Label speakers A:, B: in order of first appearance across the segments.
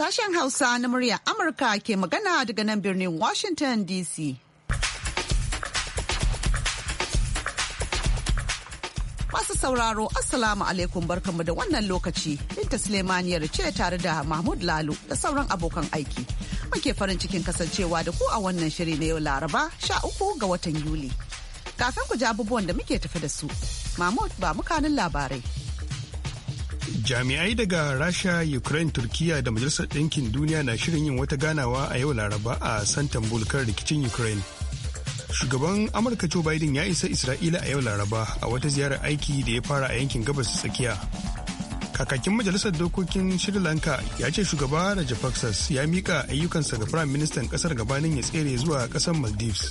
A: Sashen Hausa na murya Amurka ke magana daga nan birnin Washington DC. Masu sauraro, Assalamu alaikum barkanmu da wannan lokaci. Binta Sulemaniyar ce tare da Mahmud lalu da sauran abokan aiki. Muke farin cikin kasancewa da ku a wannan shiri na yau Laraba, sha uku ga watan Yuli. Kafin ku ji abubuwan da muke tafi da su, Mahmud ba mukanin labarai.
B: jami'ai daga rasha ukraine Turkiyya da majalisar ɗinkin duniya na shirin yin wata ganawa a yau laraba a Santanbul kan rikicin ukraine shugaban amurka joe biden ya isa isra'ila a yau laraba a wata ziyarar aiki da ya fara a yankin gabas tsakiya kakakin majalisar dokokin sri lanka ya ce shugaba da Faksas ya mika ayyukansa ga firayim ministan kasar gabanin ya tsere zuwa ƙasar maldives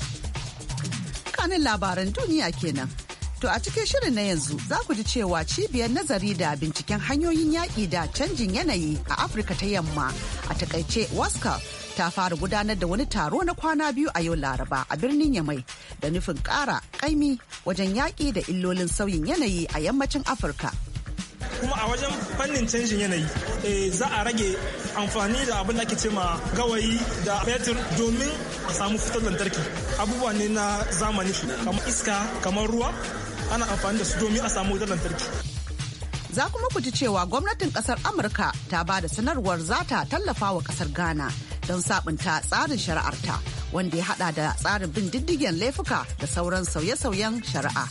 A: kanin labaran duniya kenan To a cikin shirin na yanzu za ku ji cewa cibiyar nazari da binciken hanyoyin yaƙi da canjin yanayi a Afirka ta yamma a takaice waska ta fara gudanar da wani taro na kwana biyu a yau Laraba a birnin Yamai da nufin ƙara ƙaimi wajen yaƙi da illolin sauyin yanayi a yammacin Afirka.
C: kuma a wajen fannin canjin yanayi eh, za a rage amfani da abin da ake ce gawayi da fetur domin a samu fitar lantarki abubuwa ne na zamani kamar iska kamar ruwa ana amfani da su domin a samu wutar
A: lantarki za kuma ku ji cewa gwamnatin kasar amurka ta ba da sanarwar za ta tallafa wa kasar ghana don sabunta tsarin shari'arta wanda ya hada da tsarin bin diddigen laifuka da sauran sauye-sauyen shari'a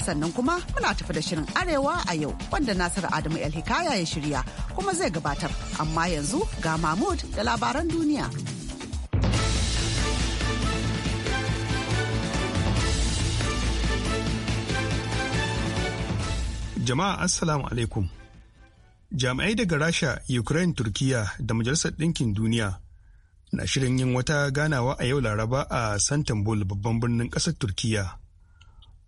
A: sannan kuma muna tafi da shirin arewa a yau wanda nasiru adamu hikaya ya shirya kuma zai gabatar amma yanzu ga mahmud da labaran duniya
B: jama'a assalamu alaikum jami'ai daga rasha ukraine turkiya da majalisar ɗinkin duniya na shirin yin wata ganawa a yau laraba a santanbul babban birnin ƙasar turkiya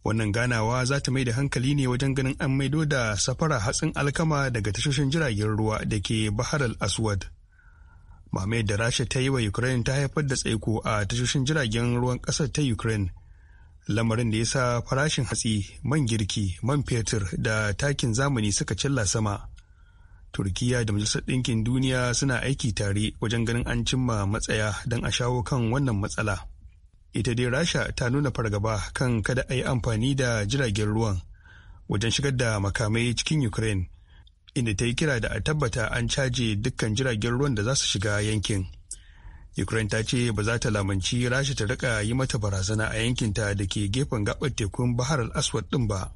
B: wannan ganawa za ta mai da hankali ne wajen ganin an maido da safara hatsin alkama daga tashoshin jiragen ruwa da ke bahar al-aswad mamayar da rasha ta yi wa ukraine ta haifar da tsaiko a tashoshin jiragen ruwan ƙasar ta ukraine lamarin da ya sa farashin hatsi man girki man fetur da takin zamani suka cilla sama turkiya da majalisar ɗinkin duniya suna aiki tare wajen ganin an cimma matsaya don a shawo kan wannan matsala. ita dai rasha ta nuna fargaba kan kada a yi amfani da jiragen ruwan wajen shigar da makamai cikin ukraine inda ta yi kira da a tabbata an caje dukkan jiragen ruwan da za su shiga yankin ukraine ta ce ba za ta lamanci rasha ta rika yi mata barazana a yankinta da ke gefen gabar tekun bahar al-aswad din ba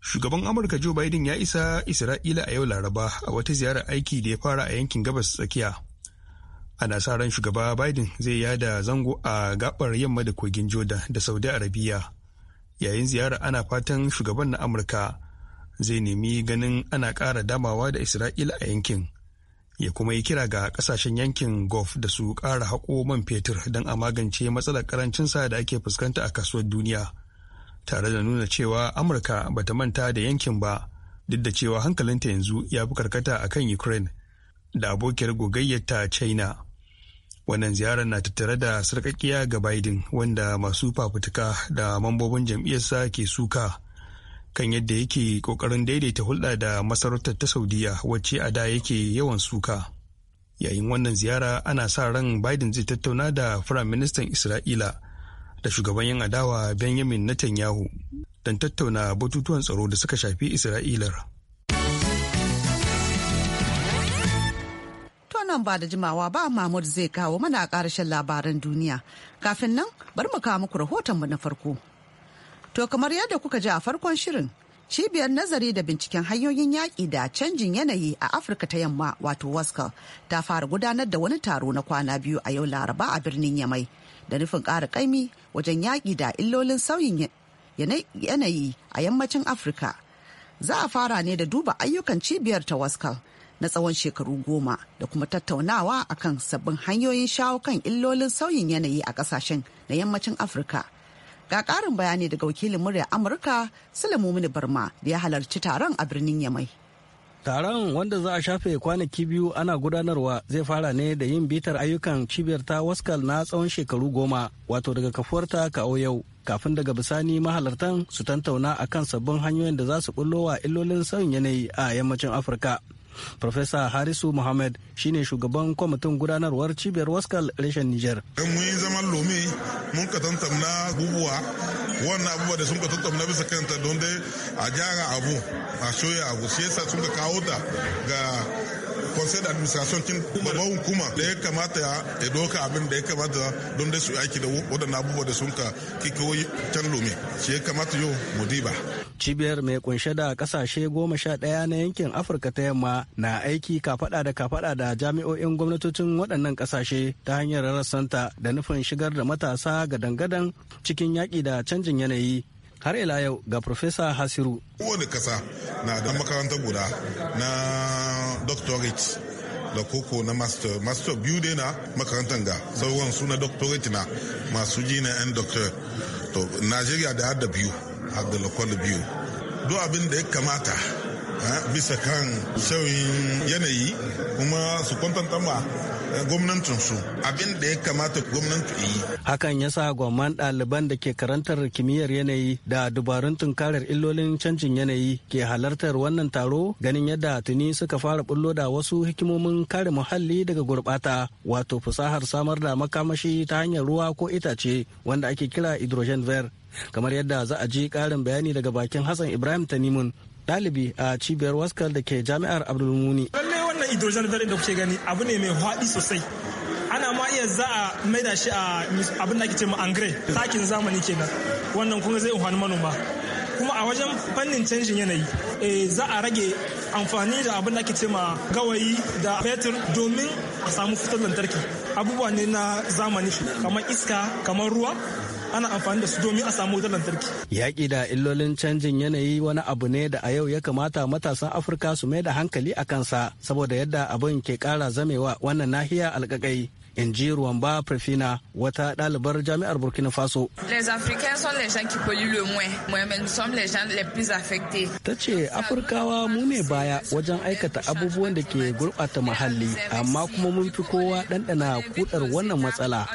B: shugaban amurka joe biden ya isa isra'ila a yau laraba a wata ziyarar aiki da ya fara a yankin gabas tsakiya ana sa ran shugaba biden zai yada zango a gabar yamma da kogin jordan da saudi arabia yayin ziyara ana fatan shugaban na amurka zai nemi ganin ana ƙara damawa da isra'ila a yankin ya kuma yi kira ga kasashen yankin gulf da su ƙara haƙo man fetur don a magance matsalar sa da ake fuskanta a kasuwar duniya tare da nuna cewa amurka bata manta da yankin ba duk da cewa hankalinta yanzu ya fi karkata akan ukraine da abokiyar gogayyar ta china wannan ziyarar na tattare da sarkakiya ga biden wanda masu fafutuka da mambobin jam'iyyarsa ke suka kan yadda yake kokarin daidaita hulɗa da masarautar ta saudiya wacce a da yake yawan suka yayin wannan ziyara ana sa ran biden zai tattauna da firayim ministan isra'ila da shugaban yan adawa benjamin netanyahu don tattauna batutuwan tsaro da suka shafi isra'ilar
A: nan ba da jimawa ba Mahmud zai kawo mana ƙarashin labaran duniya. Kafin nan bar mu kawo muku rahotonmu na farko. To kamar yadda kuka ji a farkon shirin, cibiyar nazari da binciken hanyoyin yaƙi da canjin yanayi a Afirka ta yamma wato Waskal ta fara gudanar da wani taro na kwana biyu a yau Laraba a birnin Yamai da nufin ƙara ƙaimi wajen yaƙi da illolin sauyin yanayi a yammacin Afirka. Za a fara ne da duba ayyukan cibiyar ta Waskal na tsawon shekaru goma da kuma tattaunawa akan sabbin hanyoyin shawo kan illolin sauyin yanayi a kasashen na yammacin afirka ga ƙarin bayani daga wakilin murya amurka sulamumin barma da ya halarci taron a birnin yamai
C: Taron wanda za a shafe kwanaki biyu ana gudanarwa zai fara ne da yin bitar ayyukan cibiyar ta waskal na tsawon shekaru goma wato daga kafuwar ta kawo yau kafin daga bisani mahalartan su tantauna akan sabbin hanyoyin da za su bullo wa illolin sauyin yanayi a yammacin Afirka. Profesa Harisu Muhammad shine shugaban kwamitin gudanarwar cibiyar Waskal reshen Nijar.
D: Dan mun yi zaman lomi mun ka tantamna abubuwa wannan abubuwa da sun ka tantamna bisa kanta don dai a jara abu a shoya abu shi yasa sun ka kawo ta ga conseil d'administration kin babban hukuma da ya kamata ya doka abin da ya kamata don dai su aiki da waɗannan abubuwa da sun ka kiko can lomi shi ya kamata yau mu diba.
C: Cibiyar mai kunshe da kasashe goma sha ɗaya na yankin Afirka ta yamma na aiki kafada da kafada da jami'o'in gwamnatocin waɗannan ƙasashe ta hanyar rassanta da nufin shigar da matasa ga dangadan cikin yaƙi da canjin yanayi har ila yau ga Profesa Hasiru.
D: Kowane kasa na da makaranta guda na doctorate da koko na master master biyu dai na makarantar ga sauran suna doctorate na masu ji na yan doctor to najeriya da har da biyu har da biyu duk abin da ya kamata bisa kan sauyin yanayi kuma su kwantanta ma eh, gwamnatinsu abin da ya kamata gwamnati yi.
C: Hakan ya sa gwamman ɗaliban da ke karantar kimiyyar yanayi da dubarun tunkarar illolin canjin yanayi ke halartar wannan taro ganin yadda tuni suka fara bullo da wasu hikimomin kare muhalli daga gurɓata wato fasahar samar da makamashi ta hanyar ruwa ko itace wanda ake kira hydrogen ver kamar yadda za a ji ƙarin bayani daga bakin Hassan Ibrahim Tanimun Dalibi a cibiyar waskar da ke jami'ar abdulmuni lallai wannan hydrogen valley da kuke gani abu ne mai haɗi sosai ana ma iya za a maida shi a abin da ake ce ma angre takin zamani kenan wannan kuma zai amfani manoma kuma a wajen fannin canjin yanayi eh, za a rage amfani da abin da ake ce ma gawayi da fetur domin a samu fitar lantarki abubuwa ne na zamani kamar iska kamar ruwa ana amfani da su domin a samu wutar lantarki. Yaƙi da illolin canjin yanayi wani abu ne da a yau ya kamata matasan Afirka su mai da hankali a kansa saboda yadda abin ke ƙara zamewa wannan nahiya alƙaƙai. in ji Ruwamba Prefina wata ɗalibar jami'ar Burkina Faso. Ta ce Afirkawa mu ne baya wajen aikata abubuwan da ke gurɓata muhalli amma kuma mun fi kowa ɗanɗana kuɗar wannan matsala.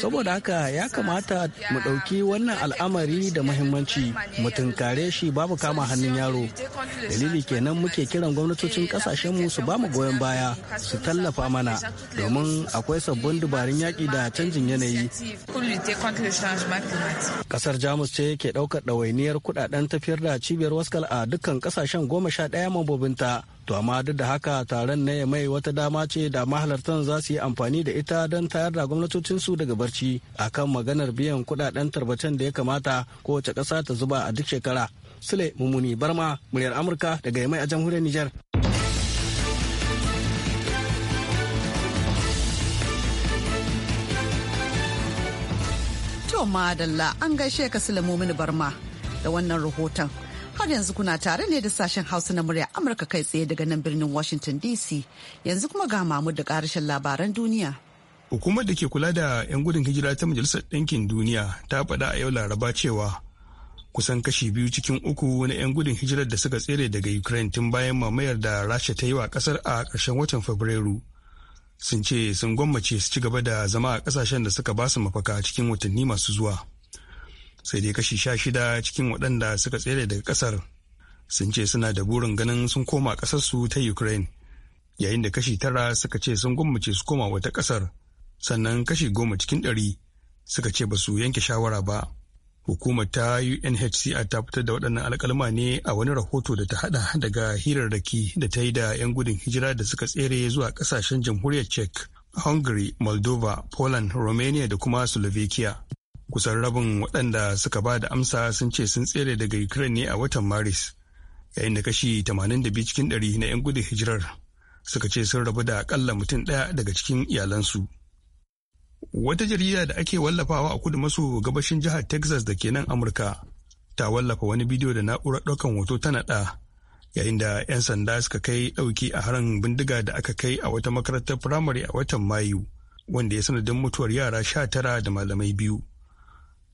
C: Saboda haka ya kamata mu ɗauki wannan al'amari da muhimmanci mu tunkare shi babu kama hannun yaro. Dalili kenan muke kiran gwamnatocin ƙasashenmu su ba goyon baya su tallafa mana domin akwai sabbin sabbin dabarun yaƙi da canjin yanayi. Kasar Jamus ce ke ɗaukar ɗawainiyar kuɗaɗen tafiyar da cibiyar waskal a dukkan kasashen goma sha ɗaya mambobinta. To amma duk da haka taron na ya mai wata dama ce da mahalartan za su yi amfani da ita don tayar da gwamnatocinsu daga barci akan maganar biyan kuɗaɗen tarbacen da ya kamata kowace ƙasa ta zuba a duk shekara. Sule Mumuni Barma, muryar Amurka daga Yamai a jamhuriyar Nijar.
A: To madalla an gaishe ka mini barma da wannan rahoton. Har yanzu kuna tare ne da sashen Hausa na murya Amurka kai tsaye daga nan birnin Washington DC. Yanzu kuma ga mamu da karashin labaran duniya.
B: Hukumar da ke kula da 'yan gudun hijira ta Majalisar Ɗinkin Duniya ta faɗa a yau Laraba cewa kusan kashi biyu cikin uku na 'yan gudun hijirar da suka tsere daga ukraine tun bayan mamayar da rasha ta yi wa kasar a ƙarshen watan fabrairu sun ce sun gwammace su ci gaba da zama a kasashen da suka ba su mafaka cikin watanni masu zuwa sai dai kashi sha shida cikin waɗanda suka tsere daga ƙasar sun ce suna da burin ganin sun koma ƙasarsu ta ukraine yayin da kashi tara suka ce sun gwammace su koma wata ƙasar sannan kashi goma cikin ɗari suka ce ba su yanke shawara ba Hukumar ta UNHCR ta fitar da waɗannan alkalma ne a wani rahoto da ta haɗa daga hirarraki da ta yi da 'yan gudun hijira da suka tsere zuwa ƙasashen jamhuriyar Czech, Hungary, Moldova, Poland, Romania da kuma Slovakia. Kusan rabin waɗanda suka ba da amsa sun ce sun tsere daga Ukraine ne a watan Maris, yayin da kashi 82 cikin 100 na 'yan gudun hijirar suka ce sun rabu da akalla mutum ɗaya daga cikin iyalansu. Wata jarida da ake wallafawa a kudu maso gabashin jihar Texas da ke nan Amurka ta wallafa wani bidiyo da na'urar ɗaukan hoto ta naɗa yayin da 'yan sanda suka kai ɗauki a harin bindiga da aka kai a wata makarantar firamare a watan Mayu wanda ya sanadin mutuwar yara sha tara da malamai biyu.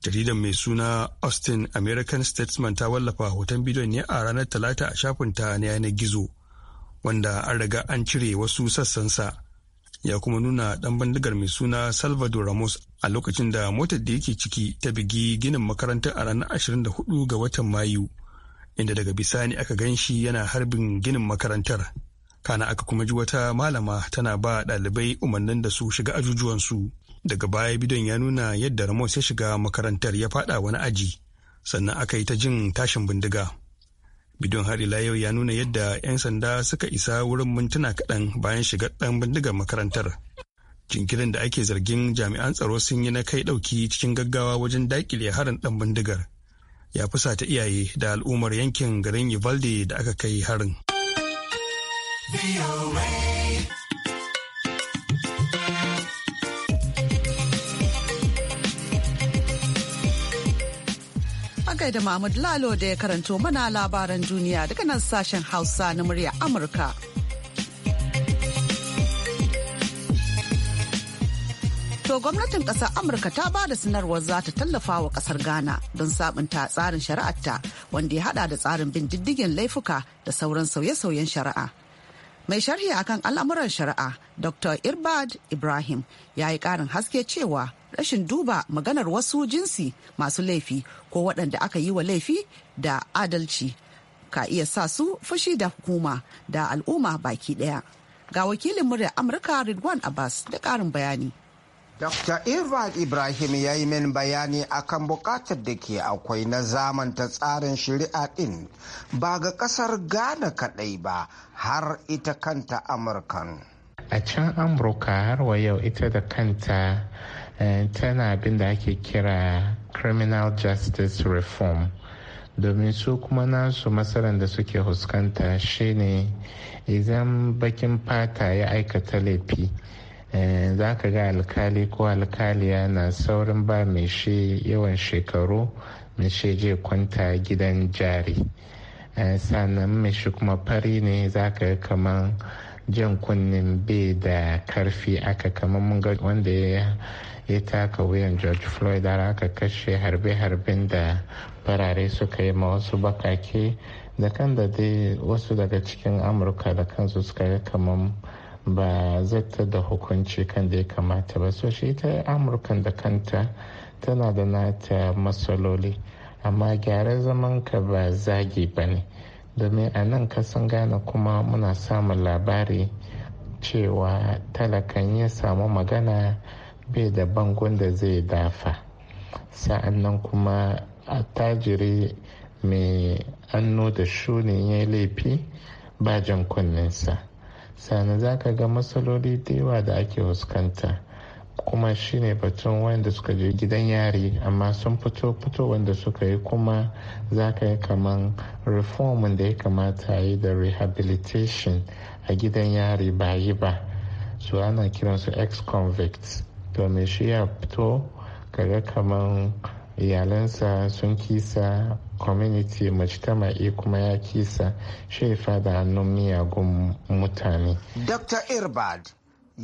B: Jaridar mai suna Austin American Statesman ta wallafa hoton bidiyon ne a ranar Talata a shafinta na yanar gizo wanda an riga an cire wasu sassansa. ya kuma nuna dan bindigar mai suna salvador ramos a lokacin da motar da yake ciki ta bigi ginin makarantar a ranar 24 ga watan mayu inda daga bisani aka gan shi yana harbin ginin makarantar kana aka kuma ji wata malama tana ba ɗalibai umarnin da su shiga ajujuwansu daga baya bidon ya nuna yadda ramos ya shiga makarantar ya fada wani aji sannan aka yi ta jin tashin bindiga bidon hari layo yau ya nuna yadda 'yan sanda suka isa wurin mintuna kaɗan bayan shigar ɗan bindigar makarantar jinkirin da ake zargin jami'an tsaro sun yi na kai ɗauki cikin gaggawa wajen daƙile harin ɗan bindigar ya fusata iyaye da al'ummar yankin garin Ivalde da aka kai harin.
A: da Mahmud Lalo da ya karanto mana labaran duniya daga nan sashen Hausa na murya Amurka. To gwamnatin ƙasar Amurka ta ba da sanarwar za ta tallafa wa ƙasar Ghana don sabunta tsarin shari'arta wanda ya hada da tsarin bin diddigin laifuka da sauran sauye-sauyen shari'a. Mai sharhi akan al'amuran shari'a Dr. Irbad Ibrahim ya yi ƙarin haske cewa rashin duba maganar wasu jinsi masu laifi ko waɗanda aka yi wa laifi da adalci ka iya sa su fushi da hukuma da al'umma baki ɗaya. Ga wakilin muryar Amurka Ridwan Abbas da ƙarin bayani. Dr. Irfan Ibrahim ya yi min bayani
E: akan bukatar da ke akwai na zamanta tsarin shari'a ɗin ba ga ƙasar Ghana kaɗai ba har ita kanta Amurkan.
F: A can Amurka har wa yau ita da kanta Eh, tana abin da ake kira criminal justice reform domin su kuma nasu matsalar da suke huskanta shine idan bakin fata ya aikata laifi eh, za ka ga alkali ko alkaliya na saurin ba mai shi yawan shekaru mai shi je kwanta gidan jari eh, sannan mai shi kuma fari ne za ka ga kamar jan kunnen bai da karfi aka kamar mun ga wanda ya ya taka wuyan george floyd har aka kashe harbe-harben da farare suka yi ma wasu bakake da kan da dai wasu daga cikin amurka da kansu suka yi kamar ba zata da hukunci kan da ya kamata ba so shi ta amurkan da kanta tana da nata matsaloli amma gyara zaman ka ba zagi ba ne domin a nan kasan gane kuma muna samun labari cewa talakan ya samu magana bai da bangon da zai dafa sa'annan kuma a tajiri mai anno da shuni ya laifi ba jan kunninsa sannan za ka ga matsaloli da yawa da ake fuskanta kuma shine batun wanda suka je gidan yari amma sun fito fito wanda suka yi kuma za ka yi kaman reform da ya kamata yi da rehabilitation a gidan yari ba yi ba su ana kiransu ex-convicts domin shi ya fito kaga kaman iyalansa sun kisa community mace ta ma'i kuma ya kisa shi fada hannun miyagun mutane.
E: Dr. Irbad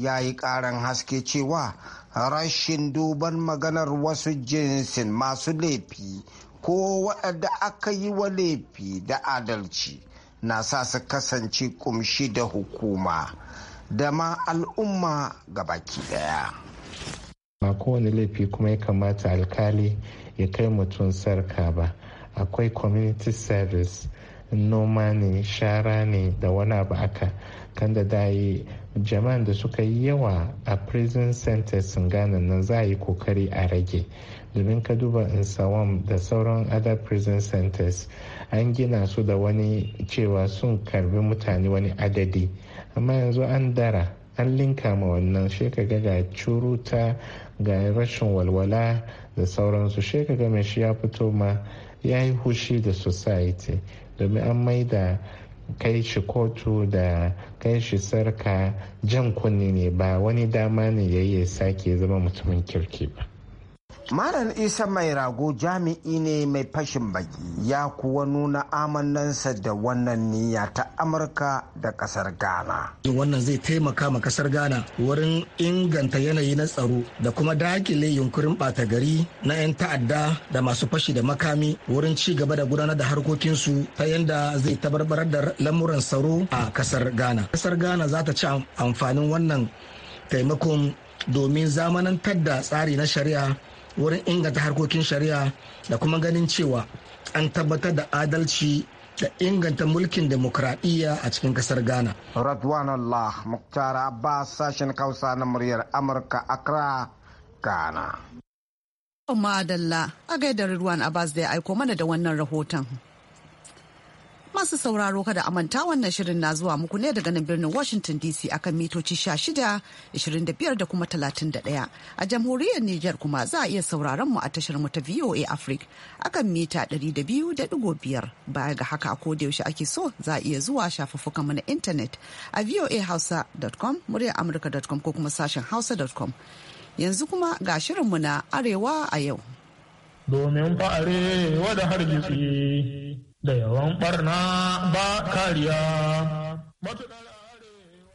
E: ya yi ƙarin haske cewa rashin duban maganar wasu jinsin masu laifi ko waɗanda aka yi wa laifi da adalci na sa su kasance ƙumshi da hukuma da ma al'umma baki daya.
F: ba kowane laifi kuma ya kamata alkali ya kai mutum sarka ba akwai community service noma ne shara ne da wani abu aka kan da dayi jama'an da suka yi yawa a prison centers sun gane nan za a yi kokari a rage domin ka duba in insawam da sauran other prison centers an gina su da wani cewa sun karbi mutane wani adadi amma yanzu an dara an linka ma wannan shekaga ga curuta ga rashin walwala da sauransu shekaga mai shi ya fito ma ya yi hushi da society domin an maida kai shi kotu da kai shi sarka jan kunne ne ba wani dama ne ya sake zama mutumin kirki ba
E: Malam Isa mai rago jami'i ne mai fashin baki ya kuwa nuna amannansa da wannan niyya ta Amurka da kasar Ghana. Wannan zai taimaka ma kasar Ghana wurin inganta yanayi na tsaro da kuma dakile yunkurin ɓata gari na 'yan ta'adda da masu fashi da makami wurin ci gaba da gudanar da harkokinsu ta yadda zai tabarbarar da lamuran tsaro a kasar Ghana. Kasar Ghana za ta ci amfanin wannan taimakon domin zamanantar da tsari na shari'a wurin inganta harkokin shari'a da kuma ganin cewa an tabbatar da adalci da inganta mulkin demokradiyya a cikin kasar ghana radwan allah muktar abbas sashen kausa na muryar amurka accra ghana
A: Umma Adalla a gaidar Ruwan Abbas da ya aiko mana da wannan rahoton. Masu sauraro kada a manta wannan shirin na zuwa muku ne daga nan birnin Washington DC akan mitoci 16, 25 da kuma 31. A jamhuriyar Nijar kuma za a iya sauraron mu a tashar mu ta VOA Africa akan mita 200.5 baya ga haka ko da yaushe ake so za a iya zuwa shafuffukan mu na intanet a voahausa.com muryar amurka.com ko kuma sashen hausa.com. Yanzu kuma ga shirin mu na Arewa a yau.
F: Domin fa'are wada da yawan barna ba kariya.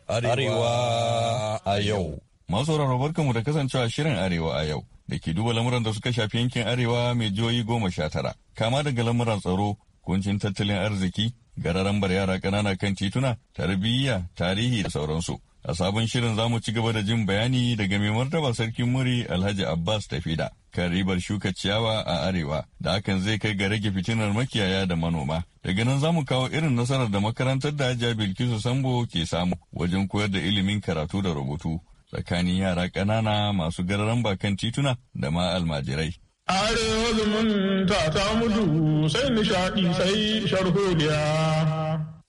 G: Arewa a yau. Masu barkan mu da kasancewa shirin Arewa a yau da ke duba lamuran da suka shafi yankin Arewa mai jihohi goma sha tara. Kama daga lamuran tsaro, kuncin tattalin arziki, bar yara ƙanana kan tituna, tarbiyya, tarihi da sauransu. A sabon shirin za mu ci gaba da jin bayani daga mai martaba sarkin muri Alhaji Abbas Tafida. kan ribar shuka ciyawa a arewa da hakan zai kai ga rage fitinar makiyaya da manoma daga nan zamu kawo irin nasarar da makarantar da hajiya bilkisu sambo ke samu wajen koyar da ilimin karatu da rubutu tsakanin yara ƙanana masu gararan bakan tituna da ma almajirai
D: arewa zumunta ta mudu sai nishaɗi sai sharhodiya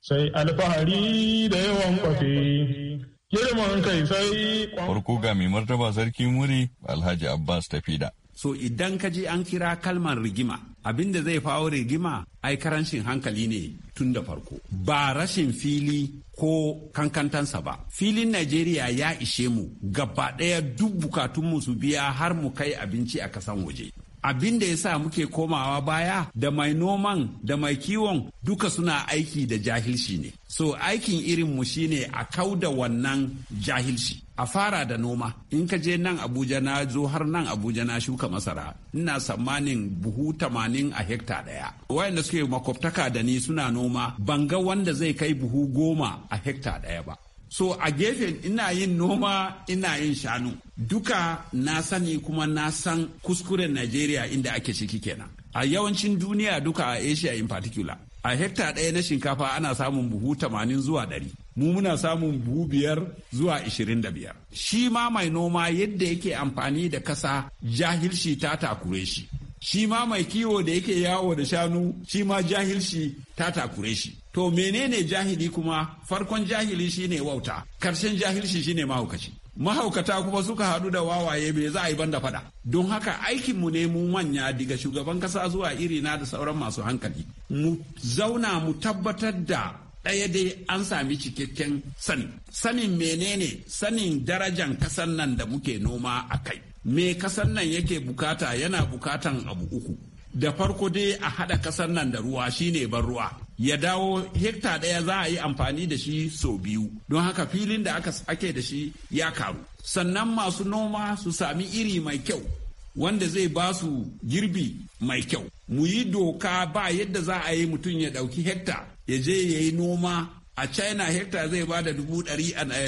H: sai alfahari da yawan kwafe Farko ga mai martaba sarki muri Alhaji Abbas ta fida so idan ka je an kira kalmar rigima abin da zai fawo rigima ai karancin hankali ne tun da farko ba rashin fili ko kankantansa ba filin najeriya ya ishe mu gaba ɗaya duk bukatunmu su biya har mu kai abinci a kasan waje abin da ya sa muke komawa baya da mai noman da mai kiwon duka suna aiki da jahilci ne so aikin irin irinmu shine a kau da wannan jahilci a fara da noma in ka je nan abuja na zo har nan abuja na shuka masara ina tsammanin buhu tamanin a hekta daya wayanda suke makwabtaka da ni suna noma ban ga wanda zai kai buhu goma a hekta daya ba so a gefe ina yin noma ina yin shanu duka na sani kuma na san kuskuren najeriya inda ake ciki kenan a yawancin duniya duka a asia in particular a hekta ɗaya na shinkafa ana samun buhu 80 zuwa 100 mu muna samun buhu biyar zuwa 25 shi ma mai noma yadda yake amfani da kasa jahilci ta takure shi shi ma mai kiwo da yake yawo da shanu shi ma jahilci ta takure shi to menene jahili kuma farkon jahili shine wauta karshen jahilci shine mahaukaci mahaukata kuma suka haɗu da wawaye me za a yi banda faɗa don haka aikin mu ne mu manya daga shugaban kasa zuwa iri na da sauran masu hankali mu zauna mu tabbatar da ɗaya dai an sami cikakken sani sanin menene sanin darajan kasan nan da muke noma a kai me kasan nan yake bukata yana bukatan abu uku da farko dai a haɗa kasan nan da ruwa shine ban ruwa ya dawo hekta ɗaya za a yi amfani da shi sau biyu don haka filin da aka ake da shi ya karu sannan masu noma su sami iri mai kyau wanda zai ba su girbi mai kyau mu yi doka ba yadda za a yi mutum ya ɗauki hekta ya je ya yi noma a china hekta zai ba da eh,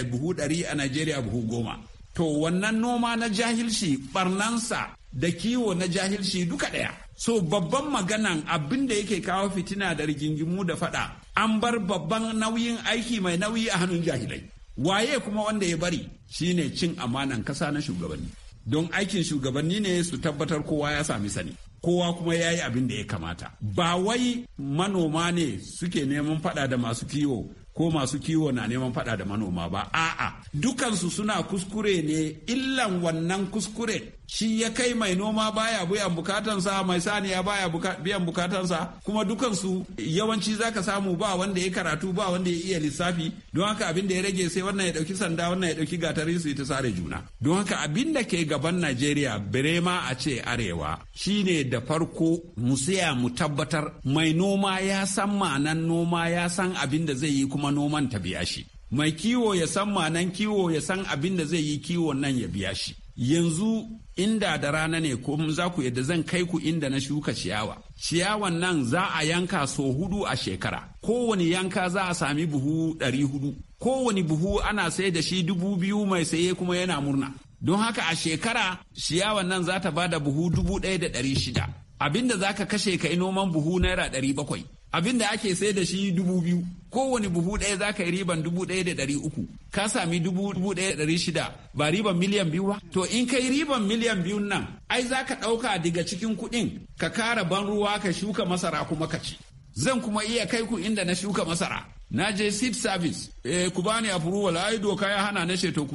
H: buhu ɗari a nigeria buhu goma to wannan noma na jahilci barnansa da kiwo na jahilci duka ɗaya so babban maganan abin da yake kawo fitina da rigingimu da faɗa an bar babban nauyin aiki mai nauyi a hannun jahilai waye kuma wanda ya bari shine cin amanan kasa na shugabanni don aikin shugabanni ne su tabbatar kowa ya sami sani kowa kuma ya yi abin da ya kamata ba wai manoma ne suke neman fada da masu kiwo ko masu kiwo na neman fada da manoma ba a'a dukansu suna kuskure ne illan wannan kuskure shi ya kai mai noma baya biyan bukatansa mai saniya baya biyan bukatansa kuma dukansu yawanci za ka samu ba wanda ya karatu ba wanda ya iya lissafi don haka abin da ya rage sai wannan ya dauki sanda wannan ya dauki gatarin su ta sare juna don haka abin da ke gaban Najeriya birema a ce arewa shi ne da farko mu saya mu tabbatar mai noma ya san ma'anan noma ya san abin da zai yi kuma noman ta biya shi mai kiwo ya san ma'anan kiwo ya san abin da zai yi kiwon nan ya biya shi yanzu inda da rana ne ko za ku yadda zan kai ku inda na shuka ciyawa ciyawan nan za a yanka so hudu a shekara kowane yanka za a sami buhu ɗari hudu kowane buhu ana sai da shi dubu biyu mai saye kuma yana murna don haka a shekara ciyawan nan za ta ba da buhu dubu ɗaya da ɗari shida abinda za ka kashe ka yi noman buhu naira ɗari bakwai abin da ake sai da shi dubu biyu kowane buhu ɗaya za ka yi riban dubu ɗaya da ɗari uku ka sami dubu ɗaya da ɗari shida ba riban miliyan biyu ba to in ka yi riban miliyan biyu nan ai za ka ɗauka daga cikin kuɗin ka kara ban ruwa ka shuka masara kuma ka ci zan kuma iya kai ku inda na shuka masara na je seed service eh ku bani approval ai doka ya hana na sheto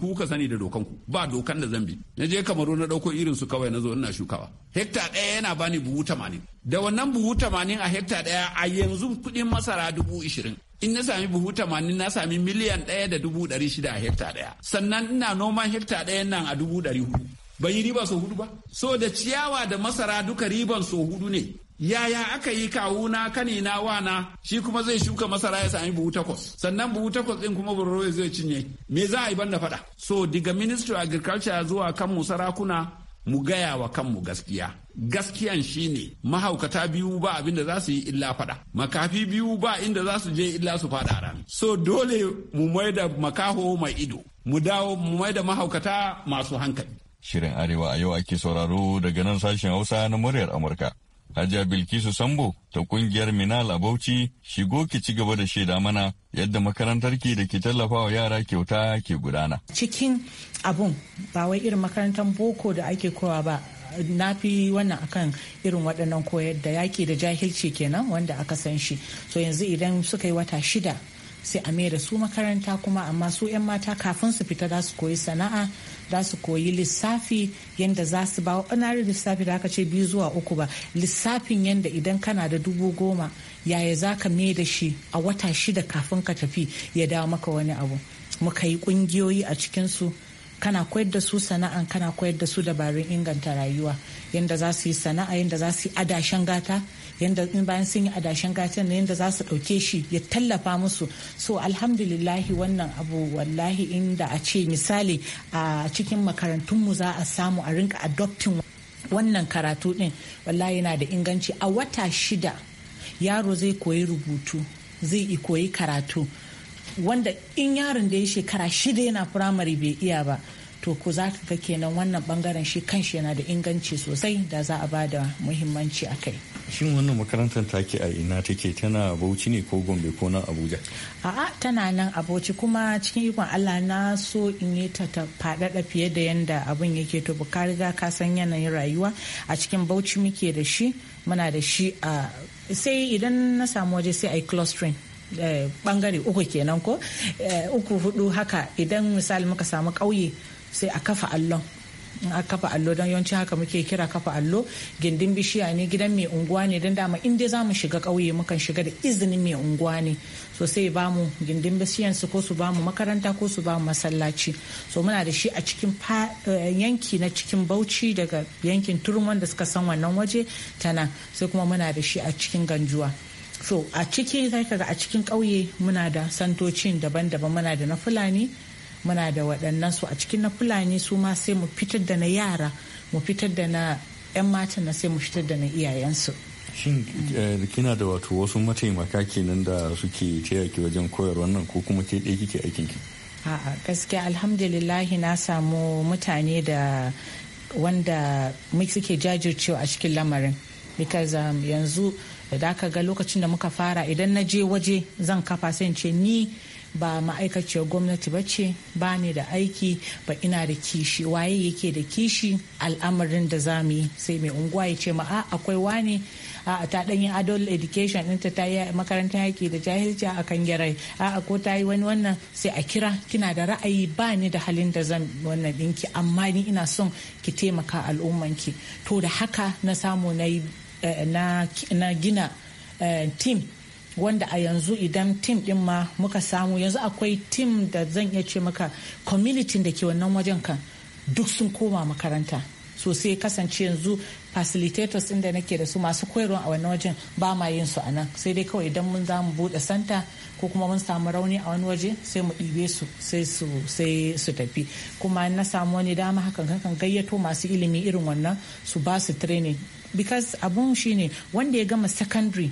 H: ku ka sani da dokan ku ba dokan da zambi na je kamaru na dauko irin su kawai na zo ina shukawa hekta daya yana bani buhu 80 da wannan buhu 80 a hekta daya a yanzu kudin masara dubu in na sami buhu 80 na sami miliyan daya da dubu dari shida a hekta daya sannan ina noman hekta daya nan a dubu dari hudu ban yi riba sau hudu ba so da ciyawa da masara duka riban sau hudu ne yaya aka yi kawuna kanina wana shi kuma zai shuka masara ya sami buhu takwas sannan buhu takwas ɗin kuma burro zai cinye me za a yi banda fada so daga ministry of agriculture zuwa kan mu sarakuna mu gaya wa kanmu gaskiya gaskiyan shine mahaukata biyu ba abin da za su yi illa fada makafi biyu ba inda za su je illa su fada ran so dole mu mai da makaho mai ido mu dawo mu mai da mahaukata masu hankali
G: shirin arewa a yau ake sauraro daga nan sashen hausa na muryar amurka Hajiya Bilkisu Sambo ta kungiyar Minal a Bauchi shigo ki ci gaba da shaida mana yadda makarantar ki da ke tallafawa yara kyauta ke gudana.
I: Cikin abun ba wai irin makarantar boko da ake kowa ba na fi wannan akan irin waɗannan koyar da yaƙi da jahilci kenan wanda aka san shi so yanzu idan suka yi wata shida sai a mai da su makaranta kuma amma su 'yan mata kafin su fita za su koyi sana'a za su koyi lissafi yadda za su ba wani lissafi da aka ce biyu zuwa uku ba lissafin yadda idan kana da dubu goma yaya za ka mai da shi a wata shida kafin ka tafi ya dawo maka wani abu muka yi kungiyoyi a cikinsu kana koyar da su sana'an kana koyar da su dabarun inganta rayuwa yadda za su yi sana'a yadda za su yi adashen gata yanda in bayan sun yi adashin gatan na yadda za su ɗauke shi ya tallafa musu so alhamdulillahi wannan abu wallahi inda a ce misali a cikin makarantunmu za a samu a rinka adoptin wannan karatu ɗin wallahi yana da inganci a wata shida yaro zai koyi rubutu zai koyi karatu wanda in yaron da ya shekara shida yana firamare bai iya ba to ko za ka ga kenan wannan bangaren shi kanshi yana da inganci sosai da za a ba da muhimmanci a kai
G: shin wannan makarantar take a ina take tana bauchi ne ko gombe ko nan abuja
I: a'a tana nan a kuma cikin ikon allah na so in yi ta faɗaɗa fiye da yanda abin yake to ka riga ka san yanayin rayuwa a cikin bauchi muke da shi muna da shi a sai idan na samu waje sai a yi clustering eh, bangare uku kenan ko eh, uku hudu haka idan misali muka samu ƙauye sai a kafa allon in a kafa allo don yawanci haka muke kira kafa allo gindin bishiya ne gidan mai unguwa ne don dama in dai za mu shiga ƙauye mukan shiga da izinin mai unguwa ne so sai ba mu gindin bishiyan su ko su ba mu makaranta ko su ba mu masallaci so muna da shi a cikin eh, yanki na cikin bauchi daga yankin turman da suka san wannan waje tana sai kuma muna da shi a cikin ganjuwa so a ciki a cikin ƙauye muna da santocin daban-daban muna da na fulani muna da waɗannan su a cikin na fulani su ma sai mu fitar da na yara mu fitar da na 'yan matan na sai mu fitar da na iyayensu shin
G: eh, kina da wato wasu mataimaka kenan da suke taya wajen koyar wannan ko kuma ke ɗaya kike aikin ki
I: a'a gaskiya alhamdulillahi na samu mutane da wanda suke jajircewa a cikin lamarin because um, yanzu da aka ga lokacin da muka fara idan na je waje zan kafa sai ce ni ba ma'aikaciyar gwamnati ba ce ba ni da aiki ba ina da kishi waye yake da kishi al'amarin da za mu yi sai mai unguwa ya ce ma a akwai wani a ta dan yin adult education ɗinta ta yi makarantar yaki da jahilci a kan gyarai a ko ta yi wani wannan sai a kira kina da ra'ayi ba ni da halin da zan wannan ɗinki amma ni ina son ki taimaka al'ummanki to da haka na samu na eh, gina eh, team wanda a yanzu idan tim din ma muka samu yanzu akwai tim da zan iya ce maka community da ke wannan wajen kan duk sun koma makaranta sosai kasance yanzu facilitators inda nake da su masu koyarwa a wannan wajen ba ma yin su a nan sai dai kawai idan mun za mu bude santa ko kuma mun samu rauni a wani waje sai mu ɗibe su sai su sai su tafi kuma na samu wani dama hakan kankan gayyato masu ilimi irin wannan su ba su training because abun shine wanda ya gama secondary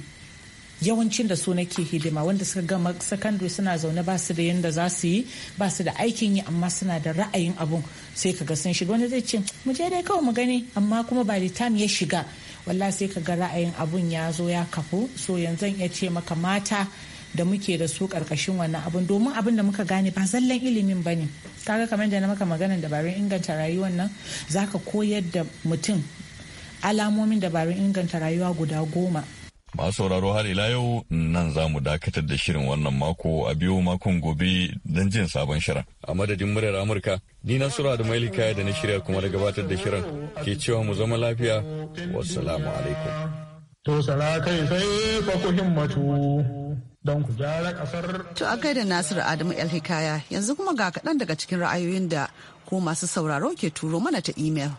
I: yawancin da su nake hidima wanda suka gama secondary suna zaune ba su da yadda za su yi ba su da aikin yi amma suna da ra'ayin abun sai ka ga sun shiga wani zai ce mu je dai kawai mu gani amma kuma ba da time ya shiga walla sai ka ga ra'ayin abun ya zo ya kafu so yanzu ya ce maka mata da muke da su karkashin wannan abun domin abin da muka gane ba zallan ilimin ba ne kaga kamar da na maka maganan dabarun inganta rayuwar nan zaka koyar da mutum alamomin dabarun inganta rayuwa guda goma
G: Masu sauraro har ila yau nan za mu dakatar da shirin wannan mako a biyu makon gobe don jin sabon shirin. A madadin muryar Amurka, ni na sura da kaya da na shirya kuma da gabatar da shirin ke cewa mu zama lafiya. Wassalamu alaikum.
F: To sala kai sai fa ku himmatu don ku
D: gyara kasar. To
A: a gaida Nasiru Adamu El Hikaya yanzu kuma ga kaɗan daga cikin ra'ayoyin da ko masu sauraro ke turo mana ta imel.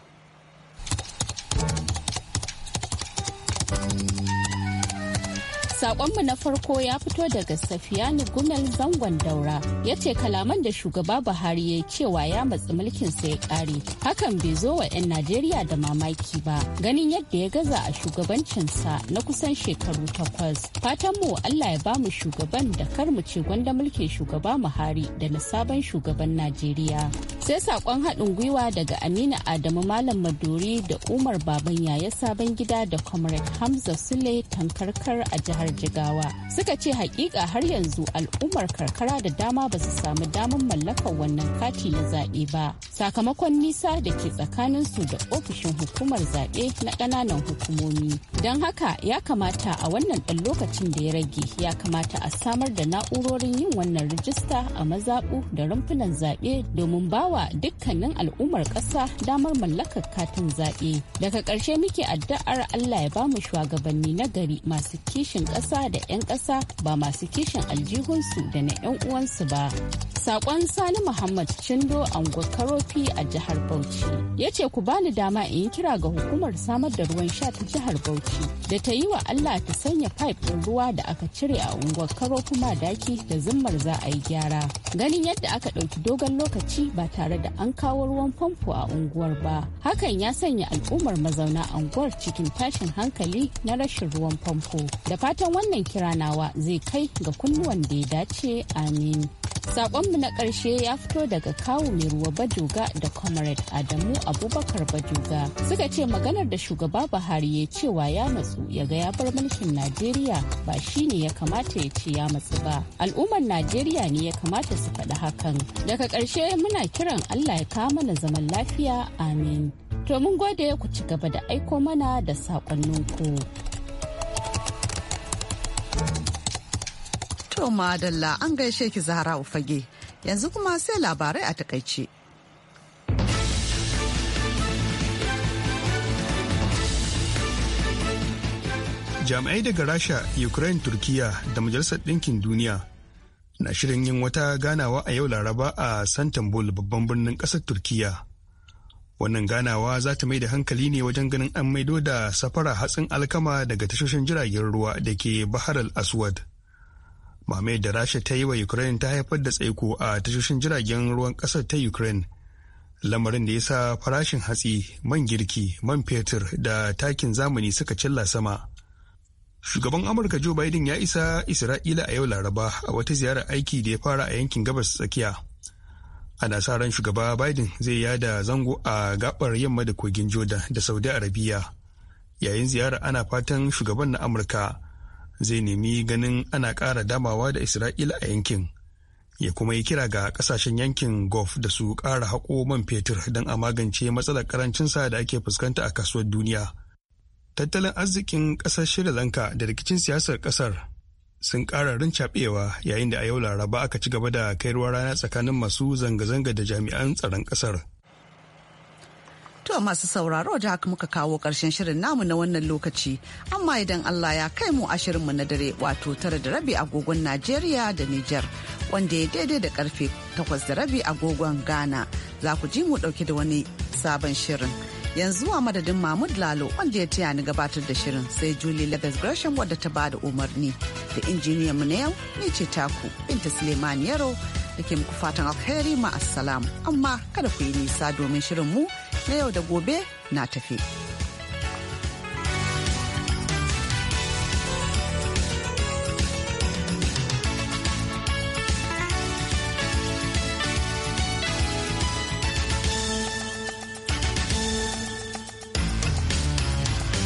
J: Sakonmu na farko ya fito daga Safiyanu Gumel Zangon Daura ya ce kalaman da shugaba Buhari ya cewa ya matsi mulkin sa ya kare Hakan bai zo wa 'yan Najeriya da mamaki ba ganin yadda ya gaza a shugabancinsa na kusan shekaru takwas. Fatanmu Allah ya bamu shugaban da kar mu ce gwanda mulkin shugaba Buhari da na sabon shugaban Najeriya. Sai sakon haɗin gwiwa daga Aminu Adamu Malam Maduri da Umar Baban ya Sabon Gida da Comrade Hamza Sule Tankarkar a jihar jihar Jigawa suka ce hakika har yanzu al'ummar karkara da dama ba su samu damar mallakar wannan kati na zaɓe ba sakamakon nisa da ke tsakanin su da ofishin hukumar zaɓe na ƙananan hukumomi. Don haka ya kamata a wannan ɗan lokacin da ya rage ya kamata a samar da na'urorin yin wannan rijista a mazaɓu da rumfunan zaɓe domin bawa dukkanin al'ummar ƙasa damar mallakar katin zaɓe. Daga ƙarshe muke addu'ar Allah ya bamu shugabanni na gari masu kishin ƙasa da 'yan ƙasa ba masu kishin aljihunsu da na 'yan uwansu ba. Sakon Sani Muhammad Chindo Ango Karofi a jihar Bauchi ya ce ku bani dama in yi kira ga hukumar samar da ruwan sha ta jihar Bauchi da ta yi wa Allah ta sanya pipe ɗin ruwa da aka cire a unguwar Karofi daki da zimmar za a yi gyara. Ganin yadda aka ɗauki dogon lokaci ba tare da an kawo ruwan famfo a unguwar ba. Hakan ya sanya al'ummar mazauna unguwar cikin tashin hankali na rashin ruwan famfo. Da fatan fatan wannan kira nawa zai kai ga kunnuwan da ya dace amin Sakonmu na ƙarshe ya fito daga kawu mai ruwa bajoga da Comrade Adamu Abubakar bajoga suka ce maganar da shugaba Buhari ya cewa ya matsu ya ga ya bar mulkin Najeriya ba shi ne ya kamata ya ce ya matsu ba. Al'ummar Najeriya ne ya kamata su faɗi hakan. Daga ƙarshe muna kiran Allah ya kawo mana zaman lafiya amin. To mun gode ku ci gaba da aiko mana da saƙonninku.
A: To madalla an gaishe ki zahara Ufage. Yanzu kuma sai labarai a takaice.
B: Jami'ai daga Rasha, Ukraine, Turkiya da Majalisar Ɗinkin Duniya na shirin yin wata ganawa a yau Laraba a Santambul babban birnin ƙasar Turkiya. Wannan ganawa za ta mai da hankali ne wajen ganin an maido da safara hatsin alkama daga tashoshin jiragen ruwa da ke Bahar al-Aswad. mame da rasha ta yi wa ukraine ta haifar da tsaiko a tashoshin jiragen ruwan kasar ta ukraine lamarin da ya sa farashin hatsi man girki man fetur da takin zamani suka cilla sama shugaban amurka joe biden ya isa isra'ila a yau laraba a wata ziyarar aiki da ya fara a yankin gabas tsakiya ana sa ran shugaba biden zai yada zango a gabar yamma da kogin jordan da saudi arabiya yayin ziyarar ana fatan shugaban na amurka zai nemi ganin ana ƙara damawa da isra'ila a yankin ya kuma yi kira ga ƙasashen yankin gulf da su ƙara haƙo man fetur don a magance matsalar ƙarancinsa da ake fuskanta a kasuwar duniya tattalin arzikin ƙasar sri lanka da rikicin siyasar ƙasar sun ƙara rincaɓewa yayin da a yau laraba aka ci gaba da kai ruwa rana tsakanin masu zanga-zanga da jami'an tsaron ƙasar
A: To masu sauraro da haka muka kawo karshen shirin namu na wannan lokaci. Amma idan Allah ya kai mu mu na dare wato tara da rabi agogon Najeriya da Nijar wanda ya daidai da karfe takwas da rabi agogon Ghana. Za ku ji mu ɗauke da wani sabon shirin. yanzu a madadin mahmud lalo wanda ya taya ni gabatar da shirin sai julie Lagos gresham wadda ta ba da umarni da injiniyan mu na yau ni ce taku binta suleiman yaro da ke muku fatan alheri ma assalam amma kada ku yi nisa domin shirin mu na yau da gobe na tafi.